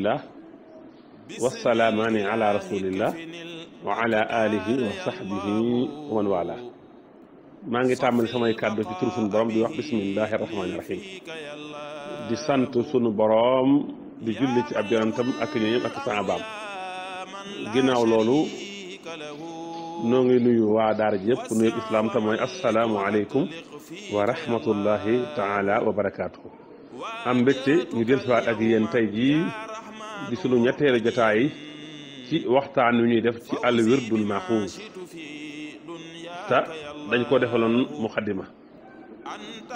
rasulillah wasalaamaani ala rasulillah wa ala alihi wa sahbihi wa man wala maa ngi tàmbali samay kàddu ci tur sunu borom di wax bismillahi rahmaani rahim di sant sunu borom di julli ci ab yonantam ak ñooñam ak saabaam ginnaaw loolu noo ngi nuyu waa daara ji yëpp nuyu islaam te mooy asalaamu aleykum wa rahmatullahi taala wa barakaatu. am mbégte ñu dellusiwaat ak yéen tey jii. di sunu ñetteelu jotaay ci waxtaan wi ñuy def ci àll wirdul maxuus te dañ ko defaloon muqaddima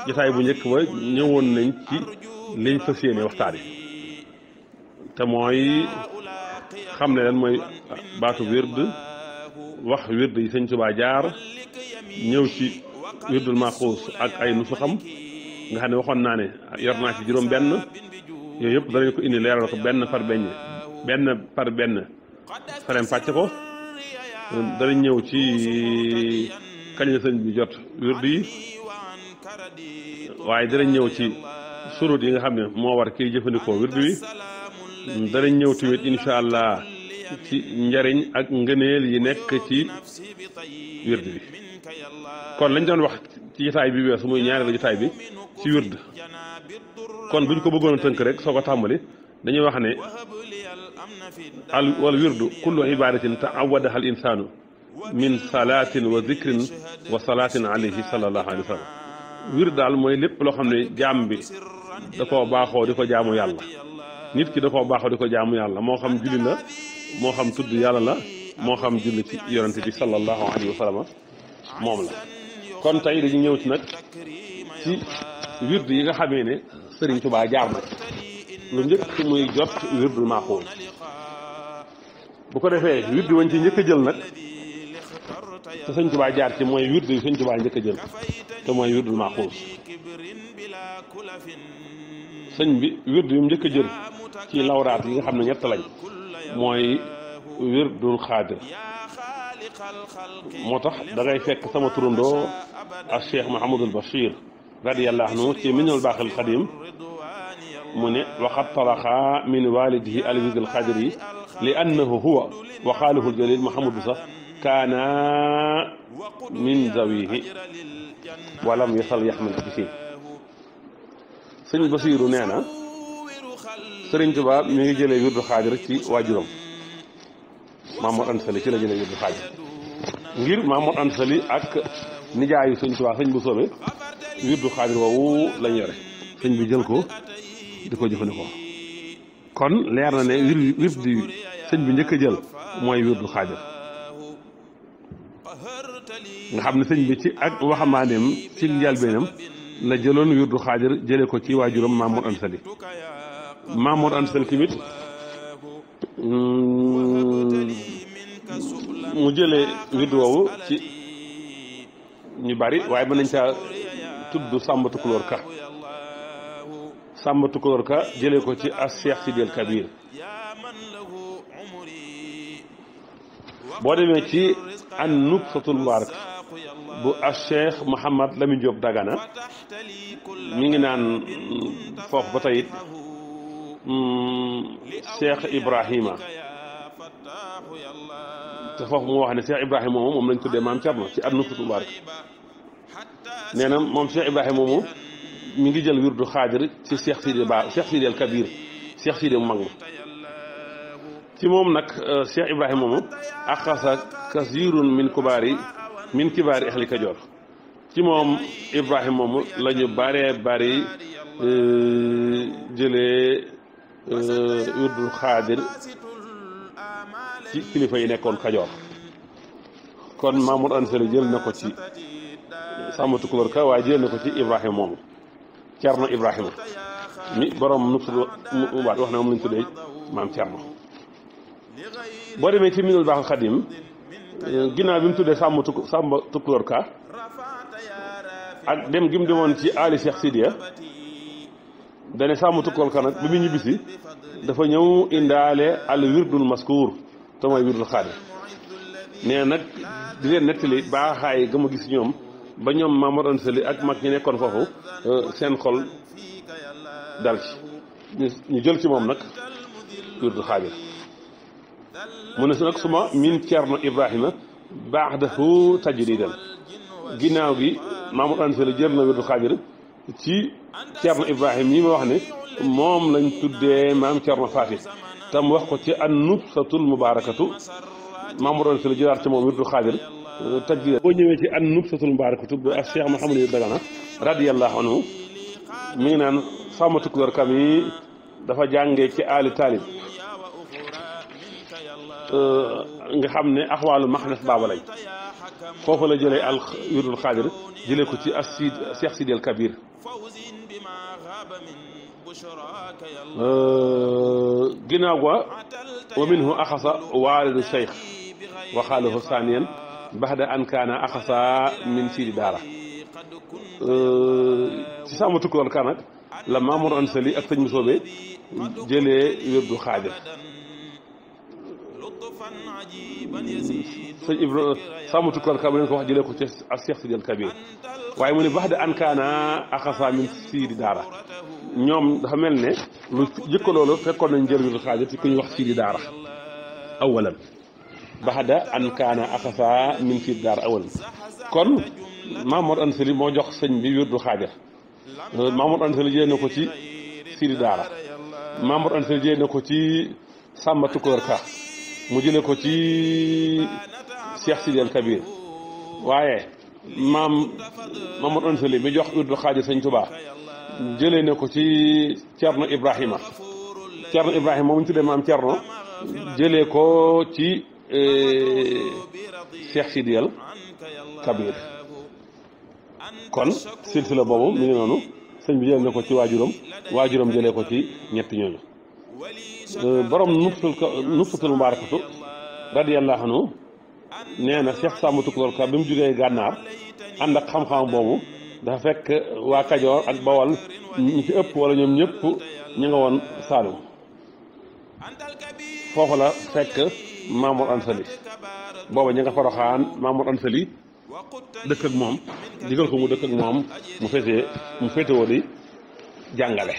jotaay bu njëkk ba ñëwoon nañ ci liñ fas yéene waxtaan yi te mooy xam ne lan mooy baatu wird wax wird yi sëñ Tuubaa jaar ñëw ci wirdul maxuus ak ay nusu xam nga xam ne waxoon naa ne yor naa ci juróom benn yooyu yëpp danañ ko indi leeral ko benn par benn benn par benn farem pàcc ko danañ ñëw ci kañ la sëñ bi jot wird yi waaye danañ ñëw ci surut yi nga xam ne moo war ki jëfandikoo wird wi danañ ñëw tamit incha allah ci njariñ ak ngëneel yi nekk ci wird bi kon lañ doon wax ci jotaay bi weesu muy ñaareelu jotaay bi ci wird kon bu ñu ko bëggoon tënk rek soo ko tàmbali dañuy wax ne al wal wirdu kullu ibadatin taawadaha al insaanu min salaatin wa zikrin wa salaatin alayhi sallallahu alayhi wa sallam wird daal mooy lépp loo xam ne jaam bi da koo baaxoo di ko jaamu yàlla nit ki da koo baaxoo di ko jaamu yàlla moo xam julli la moo xam tudd yàlla la moo xam julli ci yonente bi sallallahu alayhi wa sallam moom la kon tey dañu ñëw ci nag ci wird yi nga xamee ne Sëriñ Tuubaa jaar na lu njëkk muy jot wird maaxoon bu ko defee wird wañ ci njëkk a jël nag te Sëñ Tuubaa jaar ci mooy wird yi Sëñ Tuubaa njëkk a jël te mooy wird maaxoon sëñ bi wird yu njëkk a jël ci lawraat yi nga xam ne ñett lañ mooy wirdul xaadir moo tax da ngay fekk sama turandoo ak Cheikh Mahamadul Bachir radiyallahu anhu ci minul baaxil xadim mu ne waxat talaxa min walidihi alwiz alxadri li annahu huwa wa xaalihu aljalil mahamadu sax kaana min zawihi walam yasal yaxmal ci siin sëñ Basiiru nee na Sëriñ Tuubaa mi ngi jëlee wirdu xaadir ci waajuram Maamoor Anta Sali ci la jëlee wirdu xaadir ngir Maamoor ak nijaayu sëñ Tuubaa sëñ wirdu xaadir woowu lañ yore sëñ bi jël ko di ko jëfandikoo kon leer na ne wir wirdu sëñ bi njëkk a jël mooy wirdu xaadir nga xam ne sëñ bi ci ak waxamaaneem ci njëlbeenam la jëloon wirdu xaadir jëlee ko ci waajuram Mamour Anta Sali Mamour Anta mm, mu jëlee wirdu wowu ci ñu bari waaye mën nañ caa tudd Sàmba Tukulóor Ka Sàmba Tukulóor Ka jëlee ko ci as Seex Sidil Kabir boo demee ci an nubsatul mubarak bu as Cheikh Mouhamad Lamine Diop Dagana mi ngi naan mm, foofu ba tey it mm, Cheikh Ibrahima te foofu mu wax ne Cheikh Ibrahima moom moom lañ tuddee maam Thierno ci an nubsatul mubarak nee na moom Cheikh Ibrahima moomu mi ngi jël wirdu xaadir ci Cheikh Sidi Ba Cheikh Sidi El Kabir Cheikh Sidi mu mag ma ci moom nag euh, Cheikh Ibrahima moomu axasa kasirun min kubaari min kibaari ahli Kajoor ci moom Ibrahima moomu la ñu bëree bëri euh, jëlee euh, wirdu xaadir ci kilifa yi nekkoon Kajoor kon Mamour Ansari jël na ko ci. sàmm tukulóor ka waaye jëlee na ko ci Ibrahima moomu Cerno Ibrahima mi borom nu mu wax ne moom lañ tuddee maam Cerno boo demee ci minul baaxul xadim ginnaaw bi mu tuddee sàmm tuk sàmm tukulóor ka ak dem gi mu demoon ci Ali Cheikh sidia dane sàmm tukulóor ka nag bi mu ñibbisi dafa ñëw indaale al wirdul maskuur te mooy wirdul xaadim nee nag di leen nettali baaxaay ga ma gis ñoom. ba ñoom Maamor Anta Sali ak mag ñi nekkoon foofu euh, seen xol dal ci ñu jël ci moom nag wirdu xaajir mu ne su nag suma min Ceerno Ibrahima ba'dahu tajdidan ginnaaw gi Maamor Anta Sali jël na wirdu xaajir ci Ceerno Ibrahima yi ma wax ne moom lañ tuddee maam Ceerno Faati tam wax ko ci an-nubsatul mubaarakatu Maamor Anta Sali ci moom wirdu xaajir tajwid boo ñëwee ci an nubtatul mubarakatu bu ak Cheikh Mouhamadou Dagana radiyallahu anhu mi ngi naan sama tukulóor kam dafa jàngee ci Ali Talib nga xam ne axwaalu maxnes baaba lay foofu la jëlee al wirdul xaadir jëlee ko ci as sid Seex Sidi al Kabir ginnaaw wa minhu axasa waalidu cheikh waxaalahu saaniyan baxda an kaana axasa min siidi daara ci sama tukkuloon kan nag la Maamor Anta Sali ak sëñ mu soobee jëlee wérdu xaadir sëñ Ibro sama tukkuloon kan ko wax jëlee ko ci ak Cheikh Sidiel Kabir waaye mu ne baxda an kaana axasa min siidi daara ñoom dafa mel ne lu jëkka loolu fekkoon nañ jël wérdu xaadir ci ku ñuy wax siidi daara awalan baxda an kaana asasaa min fi daar awal kon Mamour Ansali moo jox sëñ bi wirdu xaadir Mamour Ansali jëlee na ko ci Siri Daara Mamour Ansali ko ci Samba Tukoor Ka mu jëlee ko ci Cheikh Sidi El Kabir waaye maam Mamour Ansali mi jox wirdu xaadir sëñ Tuubaa jëlee na ko ci Cerno Ibrahima Cerno Ibrahima moom ñu tuddee maam Cerno jëlee ko ci. Eh, Cheikh Sidi El Kabir kon silsila boobu mi ngi noonu sëñ bi jëlee na ko ci waajuram waajuram jëlee ko ci ñetti ñooñu eh, borom nuftul nuftul mubaarakatu radiyallahu anhu nee na Cheikh Samba Tukulóor bi mu jugee gànnaar ànd ak xam-xam boobu dafa fekk waa Kajoor ak bawal ñu ci ëpp wala ñoom ñëpp ñu nga woon Saalum foofu la fekk. Mamour Ansali booba ñu nga Porokhane Mamour Ansali dëkk ak moom digal ko mu dëkk ak moom mu féetee mu féetewoo di jàngale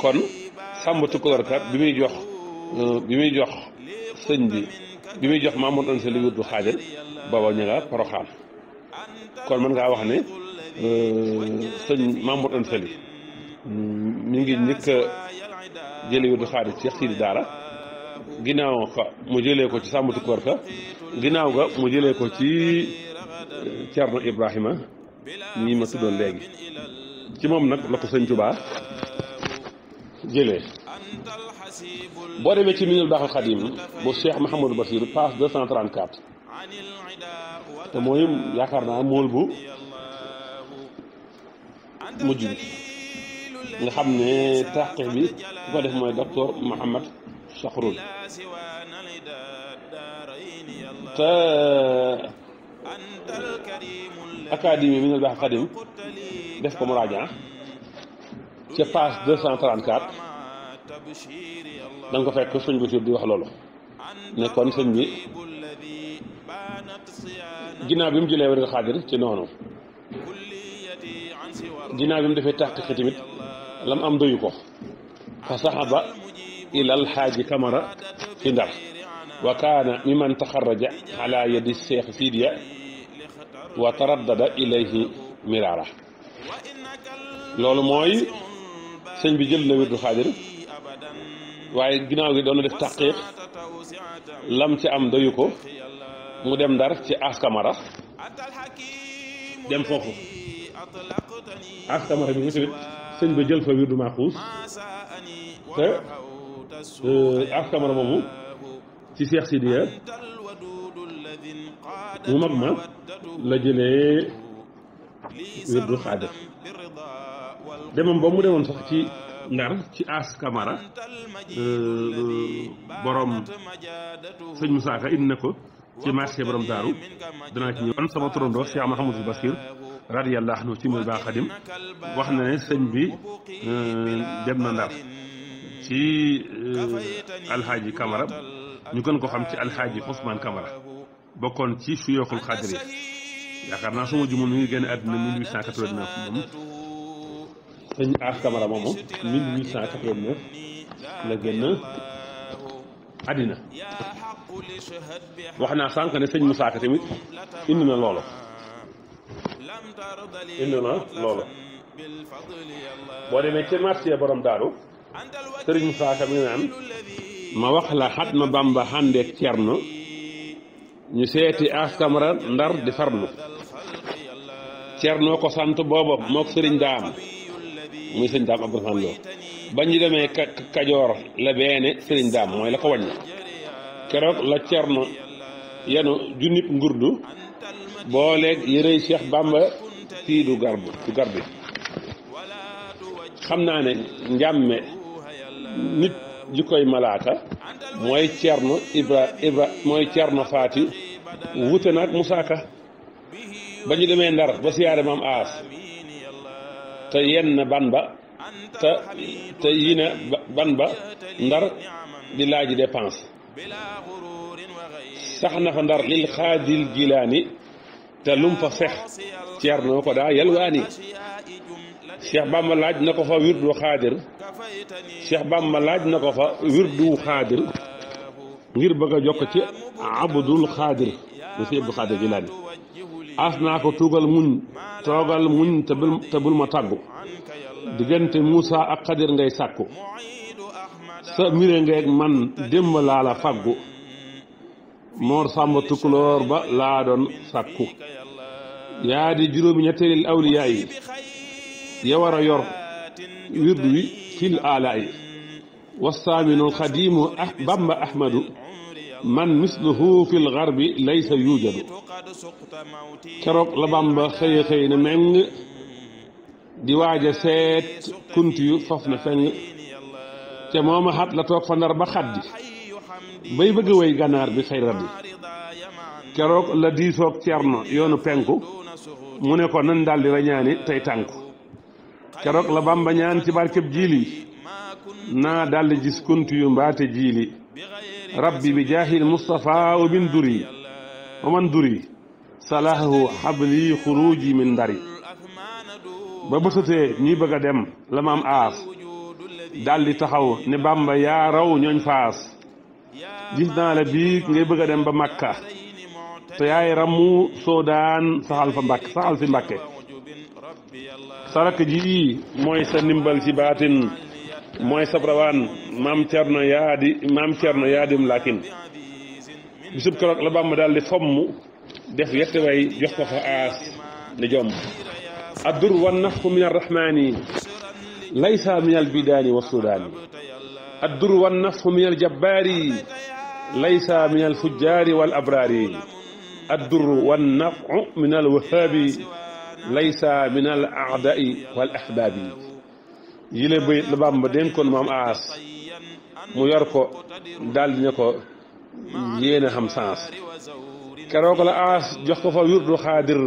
kon Samba Tukulóor kat bi muy jox euh, bi muy jox sëñ bi bi muy jox Mamour Ansali wirdu xaajal booba ñu nga kon mën ngaa wax ne euh, sëñ Mamour Ansali mm, mi ngi njëkk jëli wirdu xaajal ci Sidi Daara ginnaaw fa mu jëlee ko ci sàmmatu koor ka ginnaaw ga mu jëlee ko ci Cerno eh, Ibrahima ñi ma tuddoon léegi ci moom nag la ko sëñ Tuubaa jëlee boo demee ci minul baaxal xadim bu Cheikh Mahamadou Bassir page 234 te mooy yaakaar naa mool bu mujj bi nga xam ne tàqe bi ku ko def mooy docteur Mouhamad Sakhrul te académie mi nel baax def ko muraaja ca page 234 da nga ko fekk sëñ bu di wax loolu ne kon sëñ bi ginnaaw bi mu jëlee wér xaadir ci noonu ginnaaw bi mu defee tàqiqi la lam am doyu ko fa saxaba ilal xaaji kamara ci ndar wa kaana mimman taxarraja ala yadi seex Sidiya wa taraddada ilayhi miraara loolu mooy sëñ bi jël na wirdu xaadir waaye ginnaaw gi doon def taqiq lam ci am doyu ko mu dem ndar ci askamara dem foofu askamara bi mu tamit sëñ ba jël fa wirdu maxuus te alkamara boobu ci Cheikh Sidiya mu mag ma la jële wirdu xaadir demam ba mu demoon sax ci ndar ci aas kamara euh, euh, borom sëñ Moussa Ka indi na ko ci marché borom daaru danaa ci ñëw man sama turandoo Cheikh Mahamadou Bassir radiyallahu anhu ci muy baa wax na ne sëñ bi euh, dem na ndar ci euh, alxaaji Camara ñu gën ko xam ci alxaaji Ousmane Camara bokkoon ci suyooxul xaadiriya yaakaar naa suma jumul mi ngi génn àddina 1889 moom sëñ Aas Camara moomu 1889 la génn àddina wax naa sànq ne sëñ Moussa Ka tamit indi na loolu indi na loolu boo demee ci marché boroom daaru sëriñ Moussa Ka mi naan ma wax la xatma Bamba xàndeek Cerno ñu seeti askamara ndar di farlu Cerno ko sant booba mook sëriñ daam muy sëriñ daam Abdourahmane Lo ba ñu demee Kajoor la beene sëriñ daam mooy la ko wàññi keroog la Cerno yenu junnib ngurdu booleeg yërëy Cheikh Bamba fii du garbu du garbi xam naa ne njàmme nit li koy malaaka mooy cerno ibra ibra mooy cerno faati wute musaaka ba ñu demee ndar ba siyaare maam aas te yenn ban ba te te ban ba ndar di laaji dépense sax fa ndar lil xaadil gilaani te lum fa sex cerno ko daa yalwaani Cheikh Bamba laaj na ko fa wirdu xaadir laaj na ko fa wirdu xaadir ngir bëgg a jokk ci abdul xaadir mu si abdul xaadir jilaani as naa ko tuugal muñ toogal muñ bul ma tàggu diggante Moussa ak xadir ngay sàkku sa mire ngeeg man démb laa la moor sàmba tukulóor ba laa doon sàkku yaa juróomi ñetteelil awliyaa yi ya war a yor wirdu wi fil alaa'i wasaaminu alxadiimu bamba ahmadu man misluhu fil garbi laysa yuujadu keroog la bamba xëy xëy na meng di waaja seet kunti yu faf na feng te mooma xat la toog fa ndar ba xaddi bay bëgg way ganaar bi xëy raddi keroog la diisoog cerno yoonu penku mu ne ko nan daldi rañaani tey tànku keroog la Bamba ñaan ci barkeb jiili naa daldi gis kuntu yu mbaate jiili rabbi bi jaahil Mustafa wa min duri wa man duri salaahu habli xuruji min ndari ba bësatee ñuy bëgg a dem la maam aas daldi taxaw ne Bamba yaa raw ñooñ faas gis naa la bii ngay bëgg a dem ba Makka te yaay ramu soo daan saxal fa Mbàkke saxal fi Mbàkke saraka ji mooy sa ndimbal ci baatin mooy sa rawaan maam Cerno yaa di maam Cerno yaa dim laakin def yette way jox ko fa ne jom addur wa nafxu min arrahmani laysa min albidaani wa sudaani addur wa nafxu min aljabbaari laysa min alfujjaari wal abraari addur wa nafxu min alwahaabi laysa min al aadai wal ahbaab yi yile bayit la Bàmba maam aas mu yor ko daal ne ko yéen a keroog la aas jox ko fa wirdu xaadir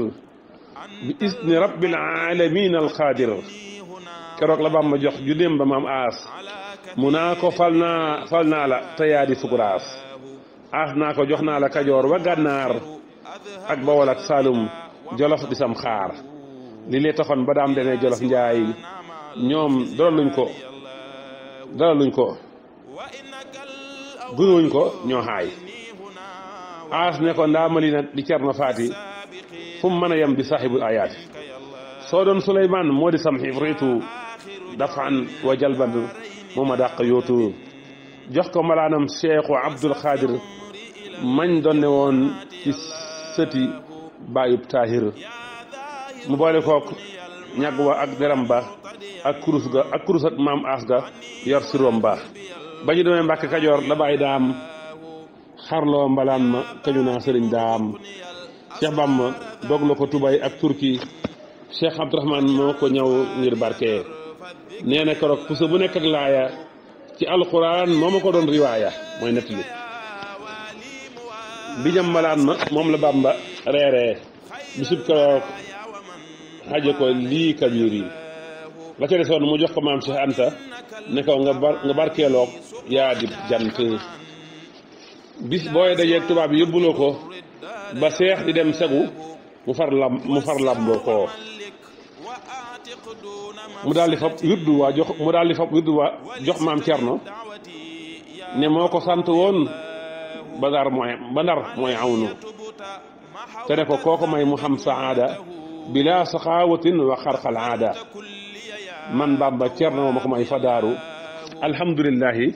bi isni rabbil alamin al xaadir keroog la Bàmba jox ju dem ba maam aas mu naa ko fal naa fal naa la te aas naa ko jox naa la kajoor wa gànnaar ak bawol saalum jolof di xaar li lee taxoon ba daam demee jolof njaay ñoom dalaluñ ko dalaluñ ko gunóoñ ko ñoo aas ne ko ndaa di cerno faati fu mu mën a yem di saaxibul ayaati soo doon suleymaan moo di sam xibriitu dafan wa jalban mu ma dàq yootu jox ko malaanam cheikhu abdul xaadir mañ doon ne woon ci sëti bàyyub taahir mu boole kook ñàgg wa ak deram ba ak kurus ga ak kurus ak maam aas ga yor siroom ba ba ñu demee Mbàkke Kajoor la bàyyi daam xarloo mbalaan ma kañu naa sëriñ daam Cheikh Bamba dog na ko tubay ak turki Cheikh Abdourahmane moo ko ñaw ngir barke nee na puso bu nekk ak laaya ci alquran moo ma ko doon riwaaya mooy nett li bi ñam ma moom la Bamba reeree bisub keroog xaje ko lii kañu riin la ca desoon mu jox ko maam Cheikh Anta ne ko nga barkeeloog yaa di jant bis booy dajeeg tubaab yi ko ba seex di dem segu mu far lam mu far lamboo ko mu daal fab wirdu waa jox mu daal fab wirdu waa jox maam Cerno ne moo ko sant woon ba ndar mooy ba ndar mooy awnu te ne ko kooko may mu xam saada bila saxaawatin wa xarqal aada man Bamba Cerno ma ko may fa daaru alhamdulilahi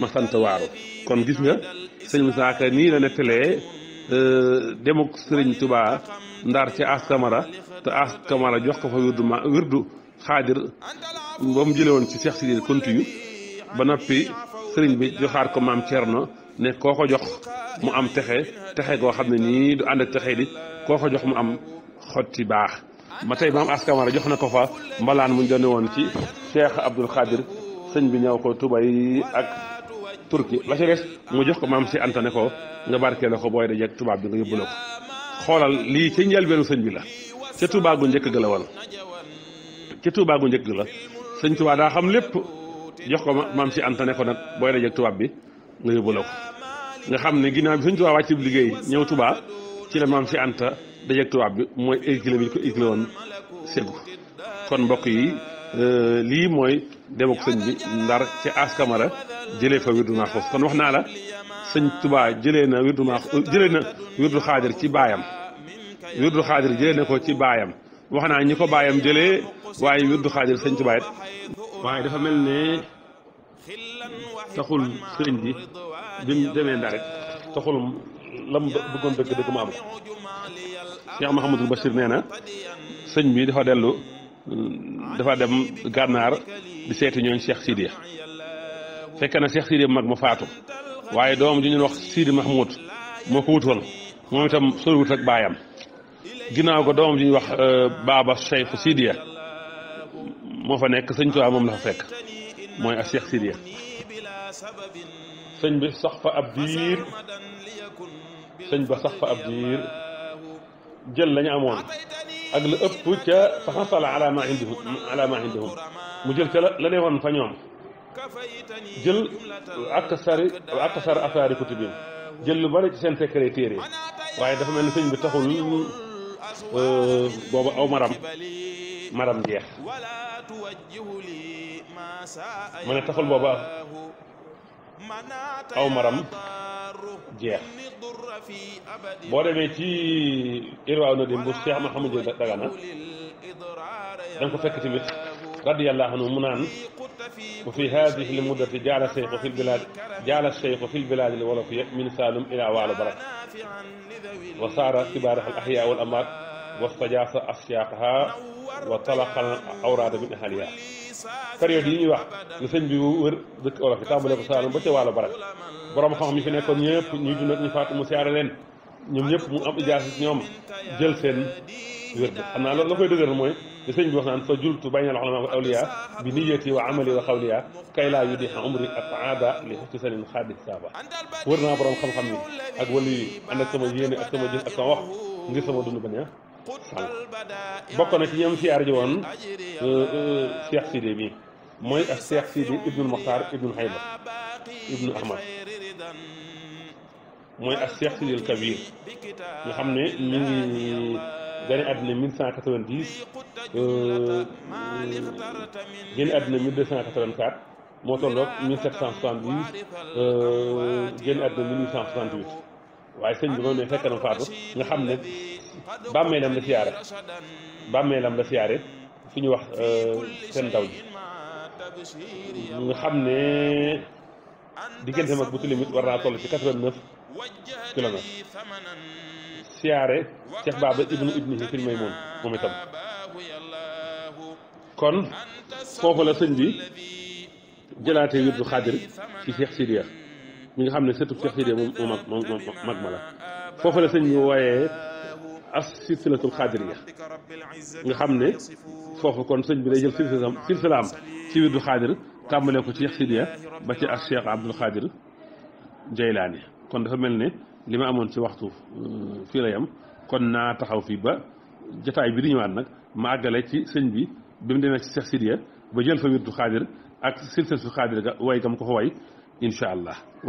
ma sant waaru kon gis nga sëñ Musaa Ka nii la nettalee euh, demuk sëriñ Tuubaa Ndar ci As Kamara te As Kamara jox ko fa wirdu ma wirdu xaadir ba mu jële woon ci Seex Sidil Kunti yu ba noppi sëriñ bi joxaat ko maam Cerno ne koo ko jox mu am texe texe goo xam ne nii du ànd ak texe di koo ko jox mu am xotti baax ba tey maam askamara jox na ko fa mbalaan mu doon woon ci Cheikh Abdoul Khadir sëñ bi ñëw ko tubay ak turki la ci mu jox ko maam si anta ko nga barkee la ko booy dajeeg tubaab bi nga yóbbu la ko xoolal lii ca njëlbeenu sëñ bi la ca Tuubaa gu njëkk ga la woon ca Tuubaa gu njëkk la sëñ Tuubaa daa xam lépp jox ko maam si anta ko nag booy dajeeg tubaab bi nga yóbbu la nga xam ne ginnaaw bi suñ tubaab wàcc liggéey ñëw tubaab ci la maam si anta dajeeg tubaab bi mooy églé bi ko églé kon mbokk yi euh, lii mooy demok sëñ bi ndar ci as kamara jëlee fa wirdu maaxuus wax naa la sëñ tubaa jëlee na wirdu na wirdu xaadir ci baayam wirdu xaadir jëlee ko ci baayam wax naa ñi ko baayam jëlee waaye wirdu xaadir sëñ waaye dafa mel ne taxul sëriñ bi demee ndar rek taxul lam bëggoon dëgg dëgg nee na sëñ bi dafa dellu dafa dem gànnaar di seeti ñooñ Cheikh Sidiya fekk na Cheikh Sidiya mag ma faatu waaye doom di ñu wax Sidi Mahmoud moo ko wut woon moom itam soriwut ak baayam ginnaaw ko doom ju ñu wax euh, Baba Cheikh Sidiya moo fa nekk sëñ a moom la fa fekk mooy ak Cheikh Sidiya sëñ bi sax fa ab diir sëñ ba sax fa ab diir jël lañu amoon ak la ëpp ca fa xasala ala ma indihum ala ma indihum mu jël ca la ne woon fa ñoom jël ak sari ak sar asaari kutubim jël lu bari ci seen secret téere waaye dafa mel ni sëñ bi taxul euh, boobu aw maram maram jeex ma ne taxul booba aw maram jeex boo demee ci irwaaw na dim bu Cheikh Mouhamed Dagana da nga ko fekk tamit radiyallahu anhu mu naan wa fi hadihi lmuddati jaala cheikhu fi lbilad jaala cheikhu fi lbilad alwalafia min salum ila waalo barak wa saara kibaaraha alahya wal amwaat wa stajaasa asyaaqaha wa talaqa al awraada min ahaliha période yi ñuy wax lu sëñ bi wër dëkk olof yi tàmbale ko Saalum ba ca wàllu barak borom xam ñi fi nekkoon ñëpp ñuy dund ak ñu faatu mu siyaare leen ñoom ñëpp mu am ijaas ñoom jël seen wér xam naa loolu la koy dëgëral mooy li sëñ bi wax naan fa jultu baynal ulamaa wal awliyaa bi niyyati wa amali wa xawliyaa kay laa yudiixa umri ak aada li xukki sanin xaadi saaba wër naa borom xam-xam yi ak wàllu yi ànd ak sama yéene ak sama jëf ak sama wax ngir sama dund ba bokk na ci ñoom siyaar ji woon euh, euh, Cheikh Sidi bi mooy ak Cheikh Sidi Ibnul Mokhtar Ibnul Hayba Ibnul Ahmad mooy ak Cheikh Sidi El Kabir nga xam ne mi ngi gane àddina 1190 euh, génn àddina 1284 moo tolloog 1770 génn àddina 1868. waaye sëñ bi moom ne fekk na faatu nga xam ne bàmmeelam la siyaare bàmmeelam la wax euh, seen ndaw ji nga xam ne diggante mag bu tilimit war naa toll ci quatre vingt siyaare Cheikh Baba ibnu ibnihi fil Maymun moom itam kon foofu la sëñ bi jëlaate wirdu xaadir ci Cheikh Sidiya mi nga xam ne sëtu Cheikh Sidiya moom moom mag ma la foofu la sëñ bi wooyee as silsilatul xaadiriya nga xam ne foofu kon sëñ bi day jël silsilam silsilaam ci wirdu tàmbalee ko ci Cheikh Sidiya ba ci as Cheikh Abdul Xaadir kon dafa mel ne li ma amoon ci waxtu euh, fii la kon naa taxaw fii ba jataay bi di ñëwaat nag ma ci sëñ bi bi mu demee ci ba jël fa wirdu xaadir ak silsil su xaadir ga way gam ko fa way incha allah